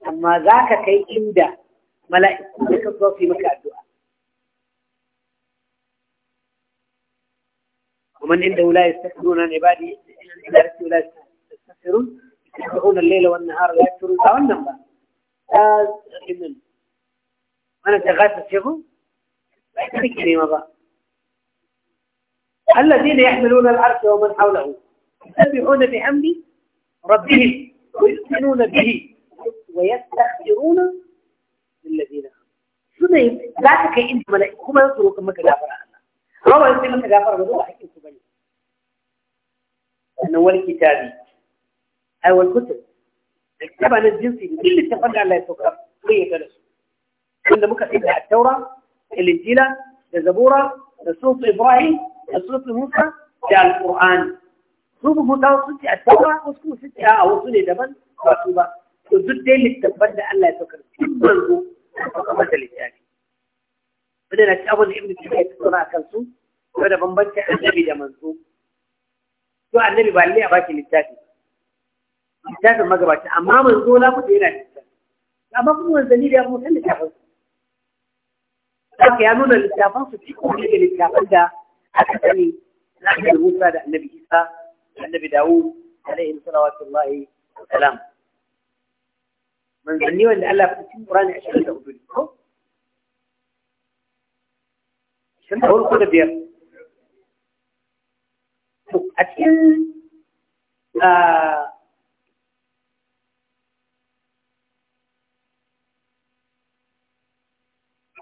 amma za kai inda mala'iku da zo su maka addu'a ومن عنده لا يستكبرون عن عبادي لا يستكبرون يسبحون الليل والنهار لا يكفرون او النمبر انا تغاث الشغل ما يكفيك ما بقى الذين يحملون العرش ومن حوله يسبحون بحمد ربهم ويؤمنون به ويستغفرون للذين سنين لا تكي انت ملائكم يصلوا كما كجافر الله روى يصلوا كما كجافر الله حكي سبحانه أن أول كتابي أول كتب الكتاب عن الجنسي اللي اتفقنا على يتوقف هي جلسه كنا مكتبها التوراة الإنجيلة الزبورة رسول إبراهيم da suratul musa da alqur'ani su bu hudu sun ce a taura wasu sun ce a wasu ne daban ba su ba to duk dai littafan da Allah ya saukar duk manzo a kamar da littafi wanda na ci abin da ibnu tafiya ta tsora a kansu ko da bambancin annabi da manzo to annabi ba lalle a baki littafi littafin magabaci amma manzo na kuɗe yana littafi amma kuma manzanni da ya mutan littafin su haka ya nuna littafan su cikin da littafin da حدثني نحن الوفاء النبي عيسى النبي داوود عليه صلوات الله والسلام من ظني ان الله في قران عشان تقول عشان تقول كل دير اكل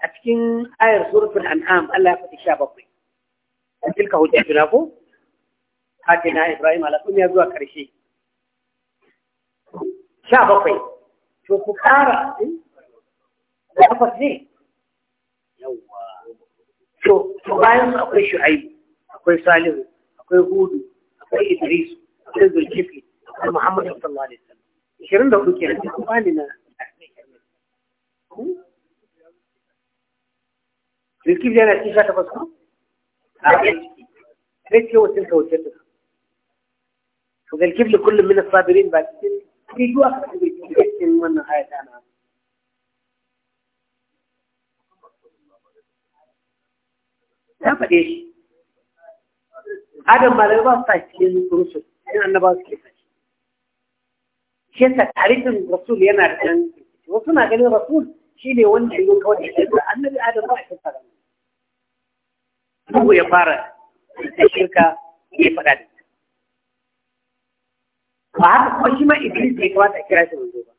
أتكن آية سورة الأنعام ألا في بطي tilka hujjatuna ko atina ibrahim ala ya zuwa karshe sha bakwai to ku kara da eh? takwas ne yawwa to bayan su akwai shu'aibu akwai salihu akwai hudu akwai idris akwai zulkifli akwai muhammadu sallallahu alaihi wasallam ishirin da na hmm? zulkifli yana cikin ثلاث لو تلك وتلك فقال كيف لكل من الصابرين بعد تلك في جوا من هاي أنا ما بديش هذا ما لو بس تحسين الرسول أنا أنا بس كيف شيء تعريف الرسول ينعرف الرسول ما قال الرسول شيء لي وين يقول كودي أنا بعد راح في الصلاة هو يقارع الشركة في فقط فهذا قوشي ما إبليس يكوات أكراس المنزوبة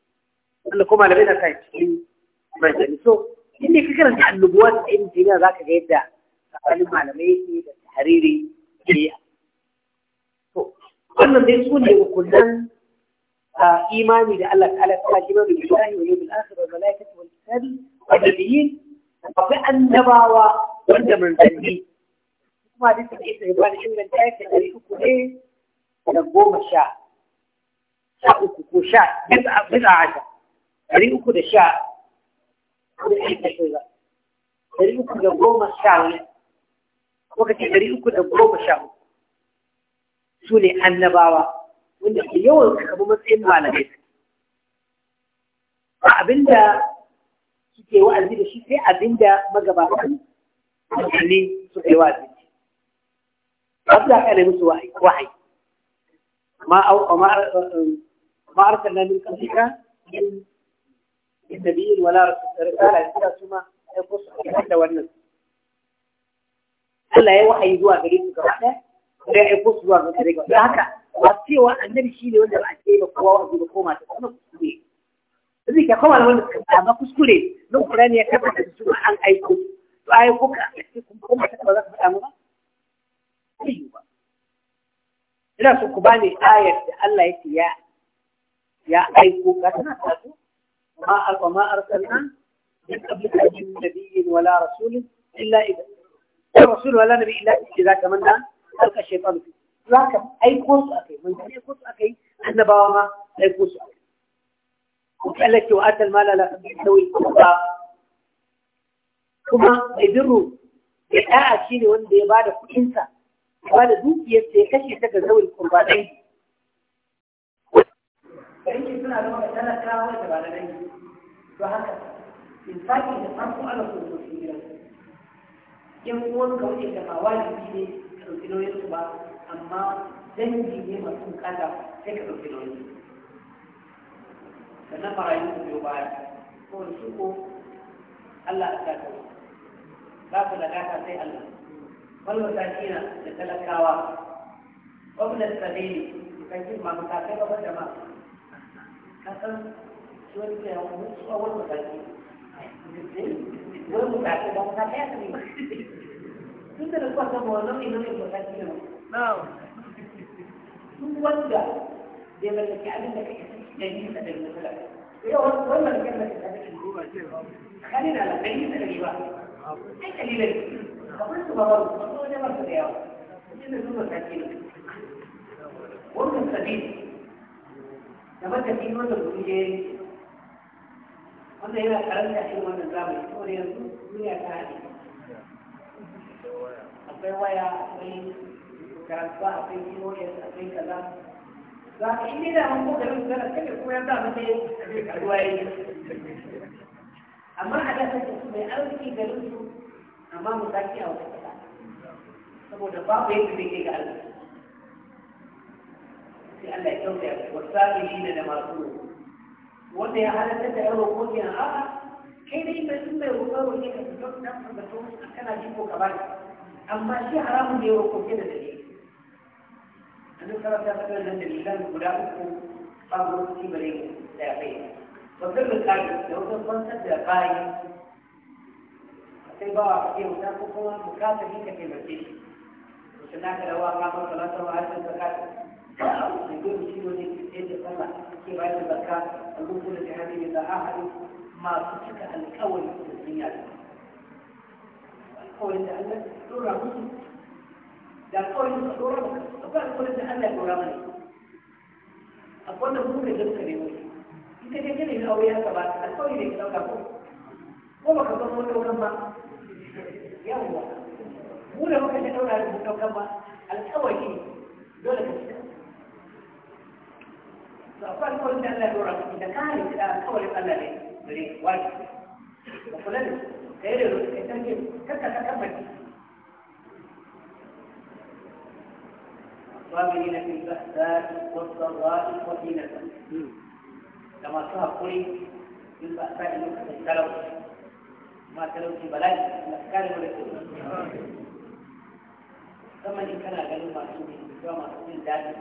لكم على بينا سايد شكري ما جانسو إني فكرة عن النبوات إن جينا ذاك جيدا فقالوا معلميتي بالتحريري هي قلنا ديسون يقولنا إيماني لألك على الله جمال بالله واليوم الآخر والملائكة والكتاب والنبيين وفي النبوة وعند من تنبيه kuma hadisin isa ya bani inganta ya ce ɗari uku ne da goma sha sha uku ko sha biyu bisa haka ɗari uku da sha ɗari uku da goma sha wani lokaci ɗari uku da goma sha uku su ne annabawa wanda ke yawan bi matsayin malamai ba abinda suke wa'azi da shi sai abinda magabatan mutane suka yi wa'azi أبدأ كان مثل وحي وحي ما أو ما ما أرسلنا من قبلك من نبي ولا رسالة إلا ثم يقص الحد والنسل Allah ya wahayi zuwa gare su gaba ɗaya da ya aiko zuwa ga gare gaba haka ba cewa annabi shi ne wanda ba a ce ba kowa wa zuwa koma ta kuma kuskure zai ka koma wanda ka amma kuskure na Qur'ani ya kafa da su an aiko to aiko ka kuma ta ba za ka faɗa mu ba zai yi ba ina so ku bani ayar da Allah yake ya ya aiko ka tana tasu ma alqa ma arsalna min qablika min nabiyyin wala rasulin illa idza rasul wala nabi illa idza kamanna alqa shaytan fi zaka aiko su akai mun aiko su akai annabawa ma aiko su akai وقال لك وآتى المال لا يستوي الكفار كما يدروا ya ɗa'a shi ne wanda ya ba da kuɗinsa ba da dukiyar ce kashe ta ga kurba kurbaɗai yanki suna zama da talakawa da ba da dangi to haka infaki da farko ana so da su gida yan uwan ka wuce da ba wajibi ne ka ɗauki nauyin su ba amma dangi ne masu bukata sai ka ɗauki nauyin su sannan marayu su biyo baya ko su ko Allah a sa ka ba ka da sai Allah والمساكين لتلكاوا وابن السبيل يكذب a مساكين وجماعة كسر شو اللي هو مش هو المساكين والمساكين ومساكين tun da kuwa samu wannan ilimin mataki ne duk wanda bai mallaki abin da kake da yi da dalilin kula yau wani mallaki da kake ce kake kani na da da riba sai dalilin kamar su ba sai ba su da yawa inda zuwa sake wannan sabi da matafi wanda kuje wanda yana karanta shi wannan zamani saboda yanzu duniya ta haɗe akwai waya akwai karatuwa akwai pos akwai kaza za ka inda da an koga yin zara kada kuma ya zama ne karuwa ya yi amma a da kake su mai arziki garin su amma mu sake a wata saboda babu yadda zai kai ga Allah sai Allah ya tausaya wasafi ne da masu wanda ya halatta da yaro ko ke a'a kai dai mai sun mai roƙa roƙe ka fito dan ka fito kana ji ko ka bari amma shi haramun ne roƙo ke da dare annabi sallallahu alaihi wasallam nan da lisan guda uku babu wasu kibare da ya kai babbar misali da wajen kwantar da bayi sai bawa ka ke wuta ko kuma bukatar ka taimake shi sannan ka dawa ma ba kana ta ma har zaka ka ko ni shi ne ke ce da kuma ke ba da zaka rubu da hadi da ahadi ma su cika alƙawari da dunya alƙawari da Allah dora mu da alƙawari da dora mu ko ba alƙawari da Allah dora mu a kwanda mu ne da kare mu in ka kake ne na auya ka ba alƙawari ne ka dauka ko ko ba ka ba wani wurin ba mu da muka ji daura da daukan ba alƙawari ne dole ka cika to akwai alƙawarin da Allah ya dora miki da kare ki da alƙawarin Allah ne gare ki wani da kula da kai da ruwa kai tarke kakka ka tabbaci الصابرين في البأساء والضراء وحين كما صاحب قولي في البأساء التلوث ما تلوث بلاء الأفكار والأسئلة musamman in kana ganin masu zuwa masu jin daɗi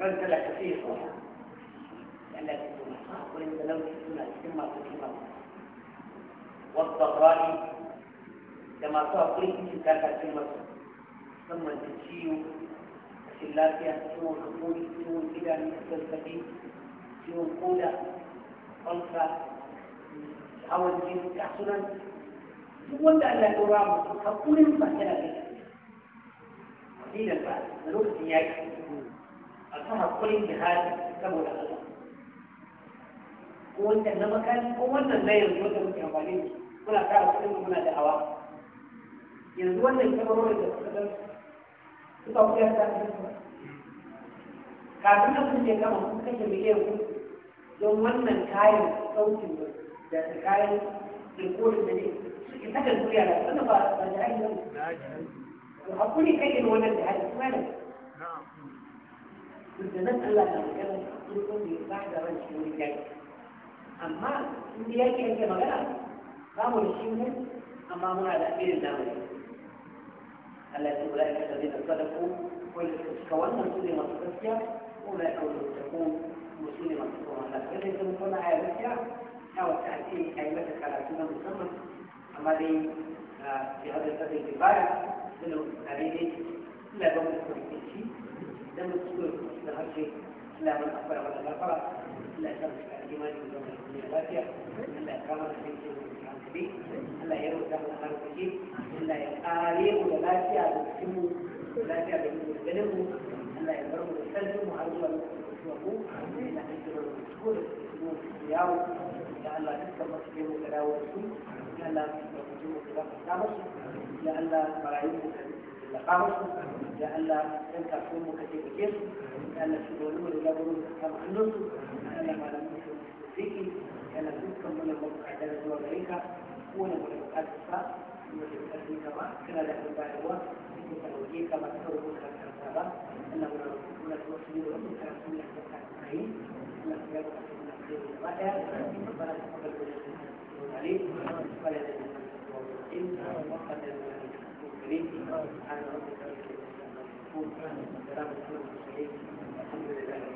ran tana tafiya sauya yalla ta ce masu haƙurin talauci suna cikin masu kima wasu rani da masu haƙurin cikin kakacin masu musamman da ciwo rashin lafiya ciwon haƙuri ciwon idanu zazzabi ciwon koda ulcer hawan jini kasunan duk wanda Allah ya ɗora mutum haƙurin sa yana da dinar ba a lokacin yaƙi a kan haƙurin jihadi saboda Allah ko na makani ko wannan na yanzu wanda muke amfani da muna kara kuɗin muna da awa yanzu wannan kyamarorin da suka san suka kuyar da kafin na kun je kama kun kashe miliyan ku don wannan kayan sautin da kayan rikodin da ne suke saka duniya da suna ba da jihadi hakuri kai irin wannan da hali kuma da da nan Allah na magana sun san da ya ba da ran shi wani kai amma in da yake yake magana ba mu da shi ne amma muna da irin namu Allah ya kula da da zai sadaku ko ya ka wannan su ne masu gaskiya ko la kaulu taku musu ne masu kuma Allah sai sun kuma ayar gaskiya ya wata ake ayi mata karatu na musamman amma dai في ah, هذا suna kare ne ina ba mu kurkuci dan mu ciwo da harshe ina ba mu fara mana da ina ta da mu da lafiya ina kama da cikin hankali Allah ya rubuta mu hankali Allah ya kare mu da lafiya da cikin mu lafiya da cikin ganin mu Allah ya bar mu da sarfin mu har zuwa lokacin mu ina cikin mu da yawo da Allah dukkan masu yi mu da dawo da su Allah ya rubuta mu da lafiya ya Allah marayu da Allah ɗan mu ka taimake su ya Allah shi da wani da Allah fiki mu da zuwa gare ka kowane mu da bukatar mu da bukatar ka ba kana da abin bayarwa ka ɗauke ka ba ka rubuta ka ba Allah mu da ka ka kai Allah ya ba ka Thank you.